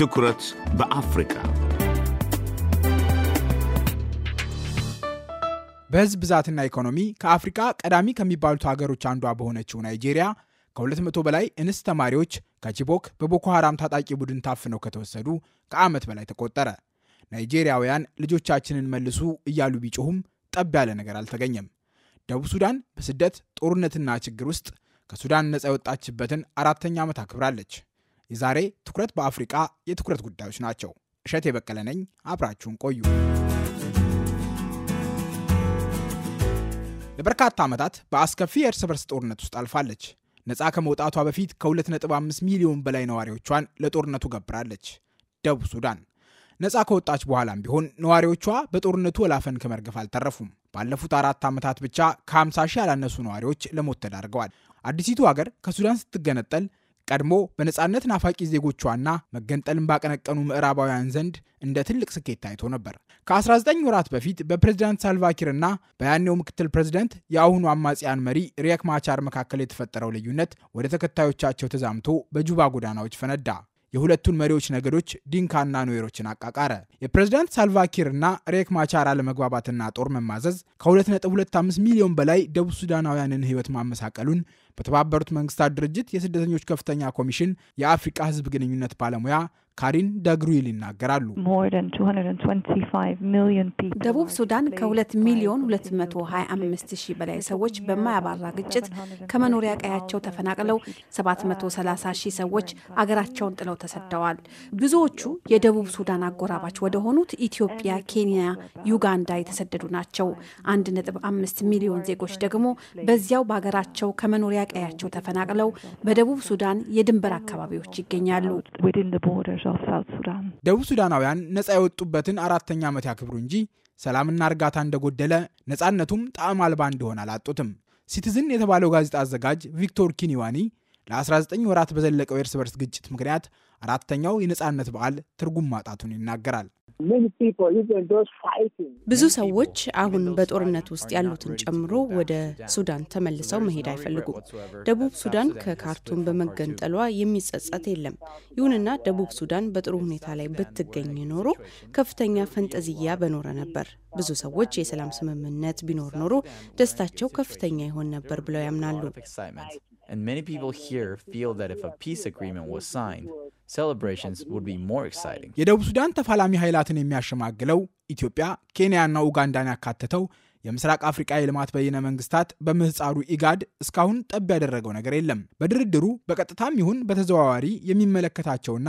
ትኩረት በአፍሪካ በህዝብ ብዛትና ኢኮኖሚ ከአፍሪካ ቀዳሚ ከሚባሉት ሀገሮች አንዷ በሆነችው ናይጄሪያ ከ200 በላይ እንስት ተማሪዎች ከቺቦክ በቦኮ ሐራም ታጣቂ ቡድን ታፍነው ከተወሰዱ ከዓመት በላይ ተቆጠረ። ናይጄሪያውያን ልጆቻችንን መልሱ እያሉ ቢጮሁም ጠብ ያለ ነገር አልተገኘም። ደቡብ ሱዳን በስደት ጦርነትና ችግር ውስጥ ከሱዳን ነፃ የወጣችበትን አራተኛ ዓመት አክብራለች። የዛሬ ትኩረት በአፍሪቃ የትኩረት ጉዳዮች ናቸው። እሸት የበቀለ ነኝ። አብራችሁን ቆዩ። ለበርካታ ዓመታት በአስከፊ የእርስ በርስ ጦርነት ውስጥ አልፋለች። ነፃ ከመውጣቷ በፊት ከ2.5 ሚሊዮን በላይ ነዋሪዎቿን ለጦርነቱ ገብራለች። ደቡብ ሱዳን ነፃ ከወጣች በኋላም ቢሆን ነዋሪዎቿ በጦርነቱ ወላፈን ከመርገፍ አልተረፉም። ባለፉት አራት ዓመታት ብቻ ከ50 ሺህ ያላነሱ ነዋሪዎች ለሞት ተዳርገዋል። አዲሲቱ ሀገር ከሱዳን ስትገነጠል ቀድሞ በነፃነት ናፋቂ ዜጎቿና መገንጠልን ባቀነቀኑ ምዕራባውያን ዘንድ እንደ ትልቅ ስኬት ታይቶ ነበር። ከ19 ወራት በፊት በፕሬዝዳንት ሳልቫኪርና በያኔው ምክትል ፕሬዚደንት የአሁኑ አማጽያን መሪ ሪየክ ማቻር መካከል የተፈጠረው ልዩነት ወደ ተከታዮቻቸው ተዛምቶ በጁባ ጎዳናዎች ፈነዳ። የሁለቱን መሪዎች ነገዶች ዲንካና ኑዌሮችን አቃቃረ። የፕሬዝዳንት ሳልቫኪርና ሬክ ማቻር አለመግባባትና ጦር መማዘዝ ከ2.25 ሚሊዮን በላይ ደቡብ ሱዳናውያንን ሕይወት ማመሳቀሉን በተባበሩት መንግስታት ድርጅት የስደተኞች ከፍተኛ ኮሚሽን የአፍሪቃ ህዝብ ግንኙነት ባለሙያ ካሪን ደግሩይል ይናገራሉ። ደቡብ ሱዳን ከ2 ሚሊዮን 225 ሺህ በላይ ሰዎች በማያባራ ግጭት ከመኖሪያ ቀያቸው ተፈናቅለው 730 ሺህ ሰዎች አገራቸውን ጥለው ተሰደዋል። ብዙዎቹ የደቡብ ሱዳን አጎራባች ወደ ሆኑት ኢትዮጵያ፣ ኬንያ፣ ዩጋንዳ የተሰደዱ ናቸው። 1.5 ሚሊዮን ዜጎች ደግሞ በዚያው በሀገራቸው ከመኖሪያ ከቀያቸው ተፈናቅለው በደቡብ ሱዳን የድንበር አካባቢዎች ይገኛሉ። ደቡብ ሱዳናውያን ነፃ የወጡበትን አራተኛ ዓመት ያክብሩ እንጂ ሰላምና እርጋታ እንደጎደለ ነፃነቱም ጣዕም አልባ እንደሆነ አላጡትም። ሲቲዝን የተባለው ጋዜጣ አዘጋጅ ቪክቶር ኪኒዋኒ ለ19 ወራት በዘለቀው የእርስ በርስ ግጭት ምክንያት አራተኛው የነፃነት በዓል ትርጉም ማጣቱን ይናገራል። ብዙ ሰዎች አሁን በጦርነት ውስጥ ያሉትን ጨምሮ ወደ ሱዳን ተመልሰው መሄድ አይፈልጉም። ደቡብ ሱዳን ከካርቱም በመገንጠሏ የሚጸጸት የለም። ይሁንና ደቡብ ሱዳን በጥሩ ሁኔታ ላይ ብትገኝ ኖሮ ከፍተኛ ፈንጠዝያ በኖረ ነበር። ብዙ ሰዎች የሰላም ስምምነት ቢኖር ኖሮ ደስታቸው ከፍተኛ ይሆን ነበር ብለው ያምናሉ። and many people here feel that if a peace agreement was signed, celebrations would be more exciting. የደቡብ ሱዳን ተፋላሚ ኃይላትን የሚያሸማግለው ኢትዮጵያ፣ ኬንያና ኡጋንዳን ያካተተው የምስራቅ አፍሪቃ የልማት በይነ መንግስታት በምህፃሩ ኢጋድ እስካሁን ጠብ ያደረገው ነገር የለም። በድርድሩ በቀጥታም ይሁን በተዘዋዋሪ የሚመለከታቸውና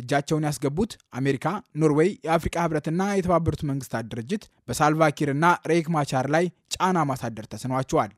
እጃቸውን ያስገቡት አሜሪካ፣ ኖርዌይ፣ የአፍሪቃ ህብረትና የተባበሩት መንግስታት ድርጅት በሳልቫኪርና ሬክ ማቻር ላይ ጫና ማሳደር ተስኗቸዋል።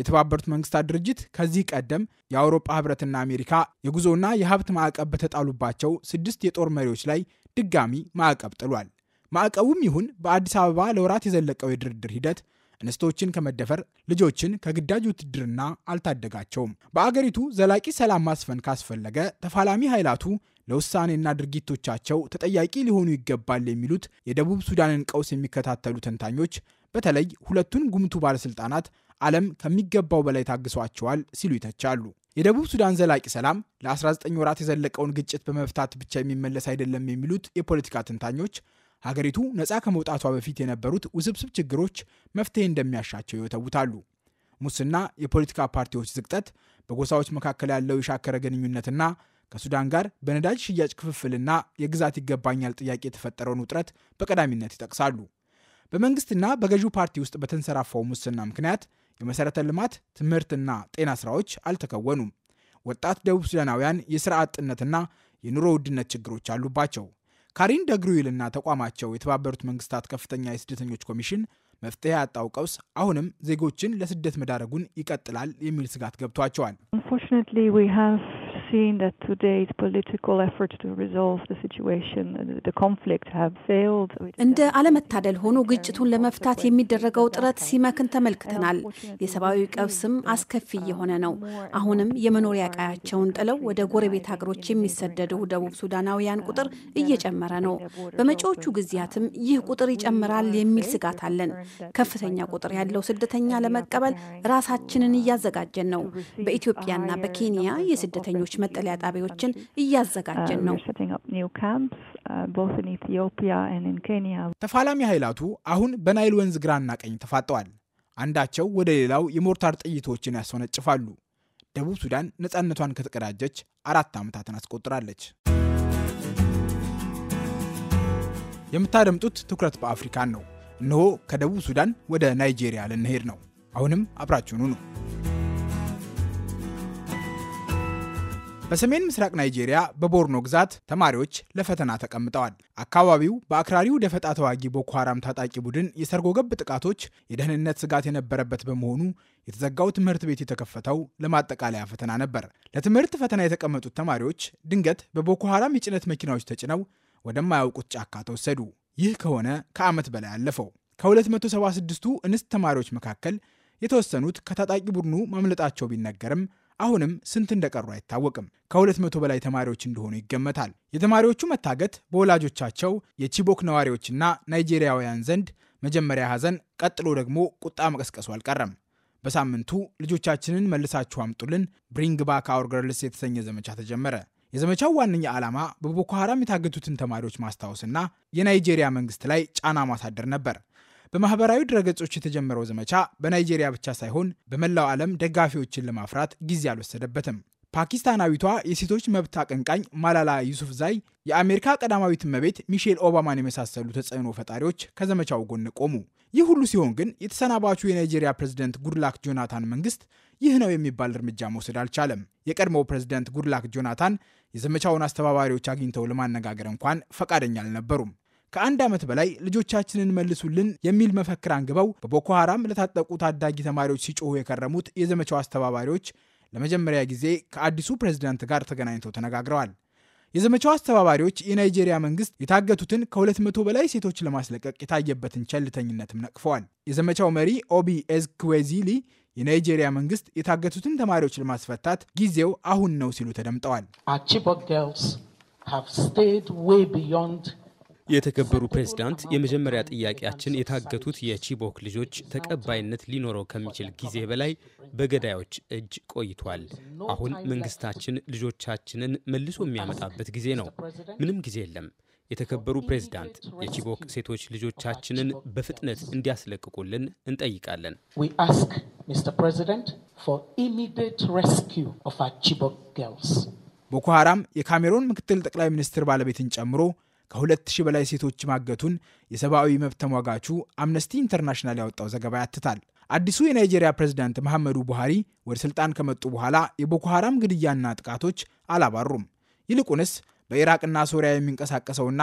የተባበሩት መንግስታት ድርጅት ከዚህ ቀደም የአውሮፓ ህብረትና አሜሪካ የጉዞና የሀብት ማዕቀብ በተጣሉባቸው ስድስት የጦር መሪዎች ላይ ድጋሚ ማዕቀብ ጥሏል። ማዕቀቡም ይሁን በአዲስ አበባ ለወራት የዘለቀው የድርድር ሂደት እንስቶችን ከመደፈር ልጆችን ከግዳጅ ውትድርና አልታደጋቸውም። በአገሪቱ ዘላቂ ሰላም ማስፈን ካስፈለገ ተፋላሚ ኃይላቱ ለውሳኔና ድርጊቶቻቸው ተጠያቂ ሊሆኑ ይገባል የሚሉት የደቡብ ሱዳንን ቀውስ የሚከታተሉ ተንታኞች በተለይ ሁለቱን ጉምቱ ባለስልጣናት ዓለም ከሚገባው በላይ ታግሷቸዋል ሲሉ ይተቻሉ። የደቡብ ሱዳን ዘላቂ ሰላም ለ19 ወራት የዘለቀውን ግጭት በመፍታት ብቻ የሚመለስ አይደለም የሚሉት የፖለቲካ ትንታኞች። ሀገሪቱ ነፃ ከመውጣቷ በፊት የነበሩት ውስብስብ ችግሮች መፍትሄ እንደሚያሻቸው ይወተውታሉ። ሙስና፣ የፖለቲካ ፓርቲዎች ዝቅጠት፣ በጎሳዎች መካከል ያለው የሻከረ ግንኙነትና ከሱዳን ጋር በነዳጅ ሽያጭ ክፍፍልና የግዛት ይገባኛል ጥያቄ የተፈጠረውን ውጥረት በቀዳሚነት ይጠቅሳሉ። በመንግስትና በገዢው ፓርቲ ውስጥ በተንሰራፋው ሙስና ምክንያት የመሠረተ ልማት፣ ትምህርትና ጤና ስራዎች አልተከወኑም። ወጣት ደቡብ ሱዳናውያን የሥራ አጥነትና የኑሮ ውድነት ችግሮች አሉባቸው። ካሪን ደግሩይልና ተቋማቸው የተባበሩት መንግስታት ከፍተኛ የስደተኞች ኮሚሽን መፍትሄ ያጣው ቀውስ አሁንም ዜጎችን ለስደት መዳረጉን ይቀጥላል የሚል ስጋት ገብቷቸዋል። seen that today's political efforts to resolve the situation, uh, the conflict have failed. እንደ አለመታደል ሆኖ ግጭቱን ለመፍታት የሚደረገው ጥረት ሲመክን ተመልክተናል። የሰብአዊ ቀውስም አስከፊ uh, እየሆነ ነው። አሁንም የመኖሪያ ቀያቸውን ጥለው ወደ ጎረቤት ሀገሮች የሚሰደዱ ደቡብ ሱዳናውያን uh, ቁጥር እየጨመረ ነው። በመጪዎቹ ጊዜያትም ይህ ቁጥር ይጨምራል የሚል ስጋት አለን። ከፍተኛ ቁጥር ያለው ስደተኛ ለመቀበል ራሳችንን እያዘጋጀን ነው። በኢትዮጵያና በኬንያ የስደተኞች መጠለያ ጣቢያዎችን uh, እያዘጋጀን ነው። uh, ተፋላሚ ኃይላቱ አሁን በናይል ወንዝ ግራና ቀኝ ተፋጠዋል። አንዳቸው ወደ ሌላው የሞርታር ጥይቶችን ያስወነጭፋሉ። ደቡብ ሱዳን ነፃነቷን ከተቀዳጀች አራት ዓመታትን አስቆጥራለች። የምታደምጡት ትኩረት በአፍሪካን ነው። እነሆ ከደቡብ ሱዳን ወደ ናይጄሪያ ልንሄድ ነው። አሁንም አብራችሁኑ ነው። በሰሜን ምስራቅ ናይጄሪያ በቦርኖ ግዛት ተማሪዎች ለፈተና ተቀምጠዋል። አካባቢው በአክራሪው ደፈጣ ተዋጊ ቦኮ ታጣቂ ቡድን የሰርጎ ገብ ጥቃቶች የደህንነት ስጋት የነበረበት በመሆኑ የተዘጋው ትምህርት ቤት የተከፈተው ለማጠቃለያ ፈተና ነበር። ለትምህርት ፈተና የተቀመጡት ተማሪዎች ድንገት በቦኮ የጭነት መኪናዎች ተጭነው ወደማያውቁት ጫካ ተወሰዱ። ይህ ከሆነ ከዓመት በላይ አለፈው። ከ276ቱ እንስት ተማሪዎች መካከል የተወሰኑት ከታጣቂ ቡድኑ ማምለጣቸው ቢነገርም አሁንም ስንት እንደቀሩ አይታወቅም። ከ200 በላይ ተማሪዎች እንደሆኑ ይገመታል። የተማሪዎቹ መታገት በወላጆቻቸው የቺቦክ ነዋሪዎችና ናይጄሪያውያን ዘንድ መጀመሪያ ሐዘን፣ ቀጥሎ ደግሞ ቁጣ መቀስቀሱ አልቀረም። በሳምንቱ ልጆቻችንን መልሳችሁ አምጡልን ብሪንግ ባክ አወር ገርልስ የተሰኘ ዘመቻ ተጀመረ። የዘመቻው ዋነኛ ዓላማ በቦኮ ሐራም የታገቱትን ተማሪዎች ማስታወስና የናይጄሪያ መንግስት ላይ ጫና ማሳደር ነበር። በማህበራዊ ድረገጾች የተጀመረው ዘመቻ በናይጄሪያ ብቻ ሳይሆን በመላው ዓለም ደጋፊዎችን ለማፍራት ጊዜ አልወሰደበትም። ፓኪስታናዊቷ የሴቶች መብት አቀንቃኝ ማላላ ዩሱፍ ዛይ የአሜሪካ ቀዳማዊት እመቤት ሚሼል ኦባማን የመሳሰሉ ተጽዕኖ ፈጣሪዎች ከዘመቻው ጎን ቆሙ። ይህ ሁሉ ሲሆን ግን የተሰናባቹ የናይጄሪያ ፕሬዝደንት ጉድላክ ጆናታን መንግስት ይህ ነው የሚባል እርምጃ መውሰድ አልቻለም። የቀድሞው ፕሬዝደንት ጉድላክ ጆናታን የዘመቻውን አስተባባሪዎች አግኝተው ለማነጋገር እንኳን ፈቃደኛ አልነበሩም። ከአንድ ዓመት በላይ ልጆቻችንን መልሱልን የሚል መፈክር አንግበው በቦኮ ሐራም ለታጠቁ ታዳጊ ተማሪዎች ሲጮሁ የከረሙት የዘመቻው አስተባባሪዎች ለመጀመሪያ ጊዜ ከአዲሱ ፕሬዝዳንት ጋር ተገናኝተው ተነጋግረዋል። የዘመቻው አስተባባሪዎች የናይጄሪያ መንግስት የታገቱትን ከ200 በላይ ሴቶች ለማስለቀቅ የታየበትን ቸልተኝነትም ነቅፈዋል። የዘመቻው መሪ ኦቢ ኤዝክዌዚሊ የናይጄሪያ መንግስት የታገቱትን ተማሪዎች ለማስፈታት ጊዜው አሁን ነው ሲሉ ተደምጠዋል። የተከበሩ ፕሬዝዳንት፣ የመጀመሪያ ጥያቄያችን የታገቱት የቺቦክ ልጆች ተቀባይነት ሊኖረው ከሚችል ጊዜ በላይ በገዳዮች እጅ ቆይቷል። አሁን መንግስታችን ልጆቻችንን መልሶ የሚያመጣበት ጊዜ ነው። ምንም ጊዜ የለም። የተከበሩ ፕሬዝዳንት፣ የቺቦክ ሴቶች ልጆቻችንን በፍጥነት እንዲያስለቅቁልን እንጠይቃለን። ቦኮ ሐራም የካሜሩን ምክትል ጠቅላይ ሚኒስትር ባለቤትን ጨምሮ ከ2000 በላይ ሴቶች ማገቱን የሰብአዊ መብት ተሟጋቹ አምነስቲ ኢንተርናሽናል ያወጣው ዘገባ ያትታል። አዲሱ የናይጄሪያ ፕሬዝዳንት መሐመዱ ቡሃሪ ወደ ስልጣን ከመጡ በኋላ የቦኮ ሐራም ግድያና ጥቃቶች አላባሩም። ይልቁንስ በኢራቅና ሶሪያ የሚንቀሳቀሰውና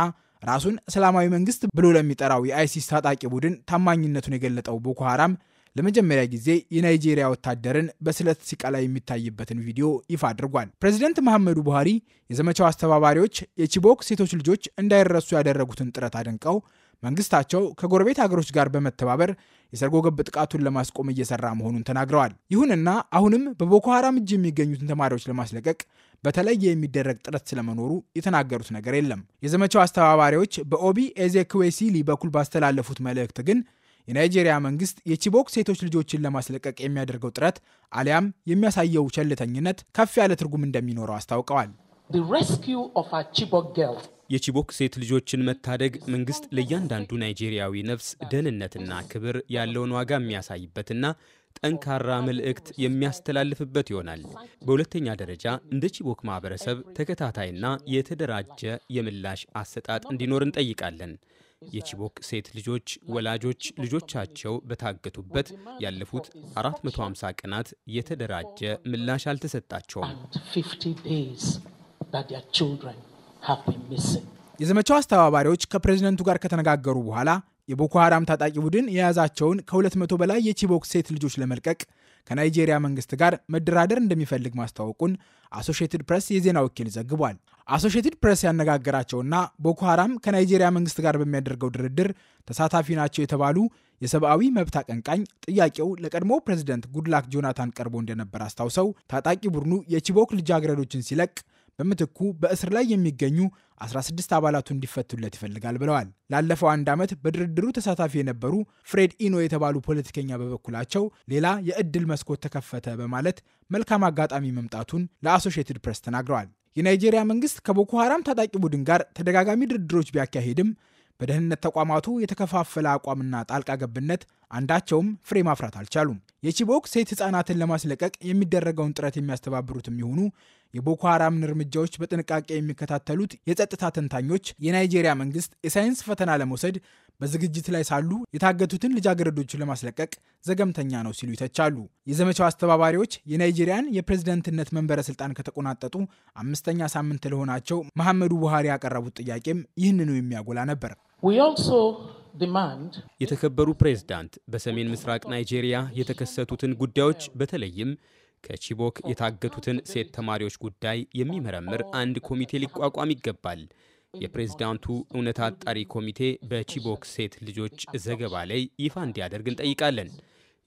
ራሱን እስላማዊ መንግስት ብሎ ለሚጠራው የአይሲስ ታጣቂ ቡድን ታማኝነቱን የገለጠው ቦኮ ሐራም ለመጀመሪያ ጊዜ የናይጄሪያ ወታደርን በስለት ሲቀላ የሚታይበትን ቪዲዮ ይፋ አድርጓል። ፕሬዚደንት መሐመዱ ቡሃሪ የዘመቻው አስተባባሪዎች የቺቦክ ሴቶች ልጆች እንዳይረሱ ያደረጉትን ጥረት አድንቀው መንግስታቸው ከጎረቤት አገሮች ጋር በመተባበር የሰርጎ ገብ ጥቃቱን ለማስቆም እየሰራ መሆኑን ተናግረዋል። ይሁንና አሁንም በቦኮ ሀራም እጅ የሚገኙትን ተማሪዎች ለማስለቀቅ በተለየ የሚደረግ ጥረት ስለመኖሩ የተናገሩት ነገር የለም። የዘመቻው አስተባባሪዎች በኦቢ ኤዜክዌሲሊ በኩል ባስተላለፉት መልእክት ግን የናይጄሪያ መንግስት የቺቦክ ሴቶች ልጆችን ለማስለቀቅ የሚያደርገው ጥረት አሊያም የሚያሳየው ቸልተኝነት ከፍ ያለ ትርጉም እንደሚኖረው አስታውቀዋል። የቺቦክ ሴት ልጆችን መታደግ መንግስት ለእያንዳንዱ ናይጄሪያዊ ነፍስ ደህንነትና ክብር ያለውን ዋጋ የሚያሳይበትና ጠንካራ መልእክት የሚያስተላልፍበት ይሆናል። በሁለተኛ ደረጃ እንደ ቺቦክ ማህበረሰብ ተከታታይና የተደራጀ የምላሽ አሰጣጥ እንዲኖር እንጠይቃለን። የቺቦክ ሴት ልጆች ወላጆች ልጆቻቸው በታገቱበት ያለፉት 450 ቀናት የተደራጀ ምላሽ አልተሰጣቸውም። የዘመቻው አስተባባሪዎች ከፕሬዝደንቱ ጋር ከተነጋገሩ በኋላ የቦኮ ሐራም ታጣቂ ቡድን የያዛቸውን ከ200 በላይ የቺቦክ ሴት ልጆች ለመልቀቅ ከናይጄሪያ መንግስት ጋር መደራደር እንደሚፈልግ ማስታወቁን አሶሽየትድ ፕሬስ የዜና ወኪል ዘግቧል። አሶሽትድ ፕሬስ ያነጋገራቸውና ቦኮ ሐራም ከናይጄሪያ መንግስት ጋር በሚያደርገው ድርድር ተሳታፊ ናቸው የተባሉ የሰብአዊ መብት አቀንቃኝ ጥያቄው ለቀድሞ ፕሬዚደንት ጉድላክ ጆናታን ቀርቦ እንደነበር አስታውሰው ታጣቂ ቡድኑ የቺቦክ ልጃገረዶችን ሲለቅ በምትኩ በእስር ላይ የሚገኙ 16 አባላቱ እንዲፈቱለት ይፈልጋል ብለዋል። ላለፈው አንድ ዓመት በድርድሩ ተሳታፊ የነበሩ ፍሬድ ኢኖ የተባሉ ፖለቲከኛ በበኩላቸው ሌላ የእድል መስኮት ተከፈተ በማለት መልካም አጋጣሚ መምጣቱን ለአሶሽትድ ፕሬስ ተናግረዋል። የናይጄሪያ መንግስት ከቦኮ ሐራም ታጣቂ ቡድን ጋር ተደጋጋሚ ድርድሮች ቢያካሂድም በደህንነት ተቋማቱ የተከፋፈለ አቋምና ጣልቃ ገብነት አንዳቸውም ፍሬ ማፍራት አልቻሉም። የቺቦክ ሴት ህጻናትን ለማስለቀቅ የሚደረገውን ጥረት የሚያስተባብሩትም የሆኑ የቦኮ ሐራምን እርምጃዎች በጥንቃቄ የሚከታተሉት የጸጥታ ተንታኞች የናይጄሪያ መንግስት የሳይንስ ፈተና ለመውሰድ በዝግጅት ላይ ሳሉ የታገቱትን ልጃገረዶችን ለማስለቀቅ ዘገምተኛ ነው ሲሉ ይተቻሉ። የዘመቻው አስተባባሪዎች የናይጄሪያን የፕሬዝደንትነት መንበረ ስልጣን ከተቆናጠጡ አምስተኛ ሳምንት ለሆናቸው መሐመዱ ቡሃሪ ያቀረቡት ጥያቄም ይህንኑ የሚያጎላ ነበር። የተከበሩ ፕሬዝዳንት፣ በሰሜን ምስራቅ ናይጄሪያ የተከሰቱትን ጉዳዮች በተለይም ከቺቦክ የታገቱትን ሴት ተማሪዎች ጉዳይ የሚመረምር አንድ ኮሚቴ ሊቋቋም ይገባል። የፕሬዝዳንቱ እውነት አጣሪ ኮሚቴ በቺቦክ ሴት ልጆች ዘገባ ላይ ይፋ እንዲያደርግ እንጠይቃለን።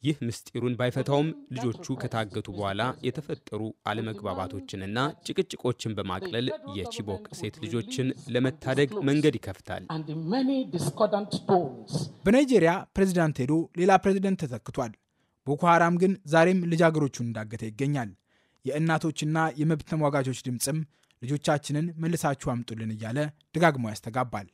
ይህ ምስጢሩን ባይፈታውም ልጆቹ ከታገቱ በኋላ የተፈጠሩ አለመግባባቶችንና ጭቅጭቆችን በማቅለል የቺቦክ ሴት ልጆችን ለመታደግ መንገድ ይከፍታል። በናይጄሪያ ፕሬዚዳንት ሄዶ ሌላ ፕሬዚደንት ተተክቷል። ቦኮ ሃራም ግን ዛሬም ልጃገሮቹን እንዳገተ ይገኛል። የእናቶችና የመብት ተሟጋቾች ድምፅም ልጆቻችንን መልሳችሁ አምጡልን እያለ ደጋግሞ ያስተጋባል።